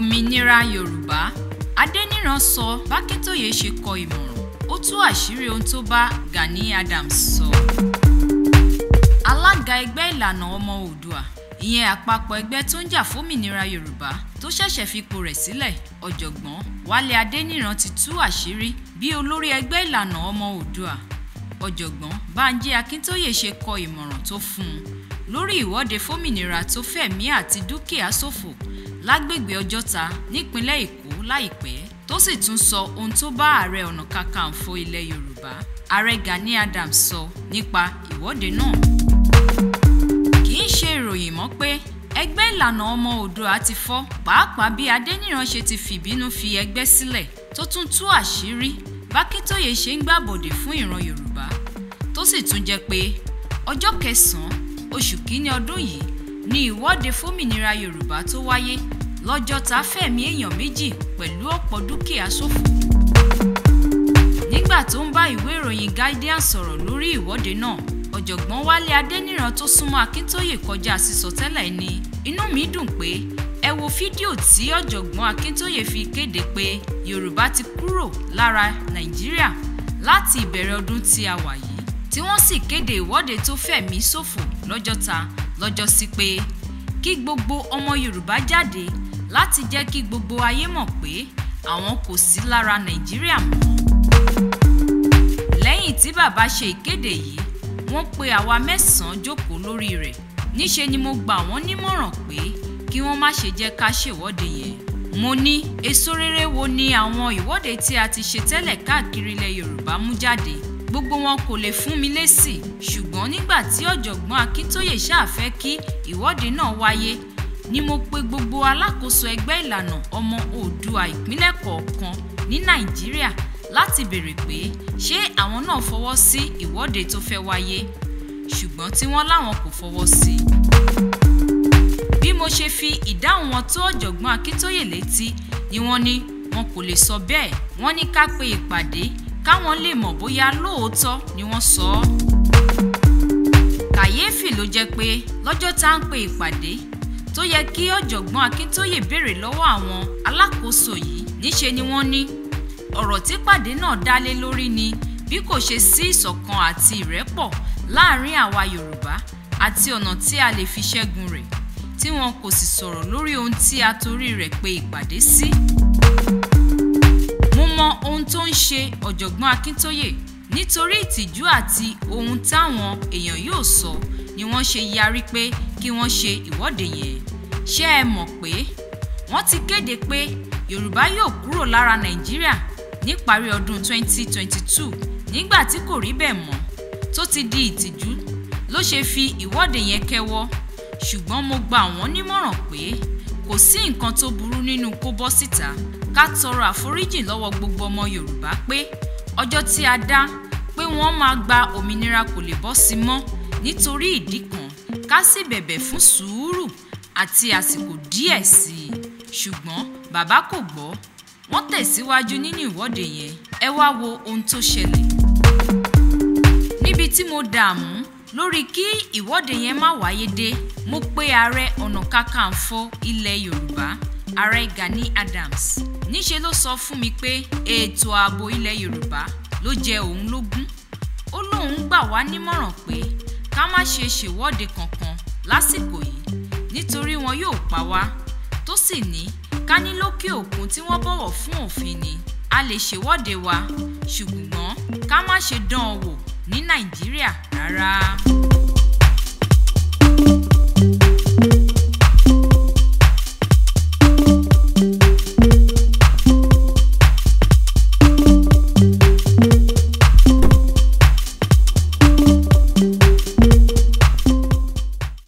òmìnira yorùbá adẹniran sọ bákẹ́tòyè ṣe kọ ìmọ̀ràn ó tú àṣírí ohun tó bá gani adams sọ. alága ẹgbẹ́ ìlànà ọmọ oòdùà ìyẹn àpapọ̀ ẹgbẹ́ tó ń jà fómìnira yorùbá tó ṣẹ̀ṣẹ̀ fipò rẹ̀ sílẹ̀ ọ̀jọ̀gbọ́n wálé adẹniran ti tú àṣírí bí olórí ẹgbẹ́ ìlànà ọmọ oòdùà ọ̀jọ̀gbọ́n bánjí akíntóyè ṣe kọ ìmọ̀ràn tó fún un lórí ìwọ́de fómìnira tó fẹ̀mí àti dúkìá ṣòfò lágbègbè ọjọ́ta nípínlẹ̀ èkó láìpẹ́ tó sì tún sọ ohun tó bá ààrẹ ọ̀nà kakanfò ilẹ̀ yorùbá ààrẹ gani adams sọ nípa ìwọ́de náà. kì í ṣe ìròyìn mọ́ pé ẹgbẹ́ ìlànà ọmọ oòduà ti fọ́ pàápàá bí adéníran ṣe ti fìbínú fi ẹgbẹ́ sílẹ̀ tó tún tú àṣírí bákítòyè ṣe ń gbàbọ̀dè fún ìran yorùbá tó sì tún jẹ́ pé ọjọ́ kẹsàn-án oṣù kínní ọdún yìí ni ìwọ́de fómìnira yorùbá tó wáyé lọ́jọ́ta fẹ̀mí èèyàn méjì pẹ̀lú ọ̀pọ̀ dúkìá ṣòfò. nígbà tó ń bá ìwé ìròyìn Guardian sọ̀rọ̀ lórí ìwọ́de náà ọ̀jọ̀gbọ́n Wálé Adéníran tó súnmọ́ Akíntóyè kọjá sísọ tẹ́lẹ̀ ni inú mi dùn pé ẹ wo fídíò tí ọ̀jọ̀gbọ́n Akíntóyè fi kéde pé Yorùbá ti kúrò lára Nàìjíríà láti ìbẹ̀rẹ̀ ọdún tí a wà yìí tí wọ́n sì kéde ìwọ́de tó fẹ̀mí ṣòfò lọ́jọ́ta lọ́jọ́sí pé kí gbogbo ọmọ Yorùbá jáde láti jẹ́ kí gbogbo ayé mọ̀ pé àwọn kò sí lára nàìjíríà mọ́. lẹ́yìn tí bàbá ṣe ìkéde yìí wọ́n pe àwa mẹ́sàn-án jókòó lórí rẹ̀ níṣe ni mo gbà wọ́n nímọ̀ràn pé kí wọ́n má ṣe jẹ́ ká ṣèwọ́de yẹn. mo ní èso rere wo ni àwọn ìwọ́de tí a ti ṣe tẹ́lẹ̀ káàkiri ilẹ̀ yorùbá mú jáde gbogbo wọn kò lè fún mi lésì ṣùgbọ́n nígbà tí ọ̀jọ̀gbọ́n akíntóyè ṣáà fẹ́ kí ìwọ́de náà wáyé ni mo pe gbogbo alákòóso ẹgbẹ́ ìlànà ọmọ oòdùà ìpínlẹ̀ kọ̀ọ̀kan ní nàìjíríà láti béèrè pé ṣé àwọn náà fọwọ́ sí ìwọ́de tó fẹ́ wáyé ṣùgbọ́n tí wọ́n láwọn kò fọwọ́ sí i. bí mo ṣe fi ìdáhùn wọn tó ọ̀jọ̀gbọ́n akíntóyè létí ni wọ́n ní wọn kò lè sọ bẹ́ẹ̀ wọ́n ní ká pe ìpàdé káwọn lè mọ̀ bóyá lóòótọ́ ni wọ́n sọ ọ́. kàyéfì ló jẹ́ pé lọ́jọ́ tá à ń pe ìpàdé tó yẹ kí ọ̀jọ̀gbọ́n Akíntóyè béèrè lọ́wọ́ àwọn alákòóso yìí níṣe ni wọ́n ní ọ̀rọ̀ tí pàdé náà dá lé lórí ni bí kò ṣe sí ìṣọ̀kan àti ìrẹ́pọ̀ láàrin àwa Yorùbá àti ọ̀nà tí a lè fi ṣẹ́gun rẹ̀ tí wọn kò sì sọ̀rọ̀ lórí ohun tí a torí rẹ̀ pé ìpàdé sí. mo mọ ohun tó ń ṣe ọ̀jọ̀gbọ́n Akíntóyè nítorí ìtìjú àti ohun táwọn èèyàn yóò sọ ni wọ́n ṣe yarí pé kí wọ́n ṣe ìwọ́de yẹn ṣé ẹ mọ̀ pé wọ́n ti kéde pé yorùbá yóò kúrò lára nàìjíríà níparí ọdún 2022 nígbà tí kò rí bẹ́ẹ̀ mọ́ tó ti di ìtìjú ló ṣe fi ìwọ́de yẹn kẹ́wọ́ ṣùgbọ́n mo gba àwọn nímọ̀ràn pé kò sí nǹkan tó burú nínú kó bọ́ síta ká tọrọ àforíjì lọ́wọ́ gbogbo ọmọ yorùbá pé ọjọ́ tí a dá pé wọ́n máa gba òmìnira kò lè bọ́ sí mọ́ nítorí ìdí kan ká sì bẹ̀bẹ̀ fún sùúrù àti àsìkò díẹ̀ sí i ṣùgbọ́n bàbá kò gbọ́ wọ́n tẹ̀síwájú nínú ìwọ́de yẹn ẹ wá wo ohun tó ṣẹlẹ̀. níbi tí mo dààmú lórí kí ìwọ́de yẹn má wáyé dé mo pe ààrẹ ọ̀nà kakanfò ilẹ̀ yorùbá ààrẹ Gani Adams níṣe ló sọ fún mi pé ètò ààbò ilẹ̀ yorùbá ló jẹ òun lógún ó lóun gbà wá nímọ̀ràn pé ká má ṣe ṣèwọ́de kankan lásìkò yìí nítorí wọn yóò pa wá tó sì ní ká ní lókè òkun tí wọ́n bọ̀wọ̀ fún òfin ni a lè ṣèwọ́de wa ṣùgbọ́n ká má ṣe dán an wò ní nàìjíríà rárá.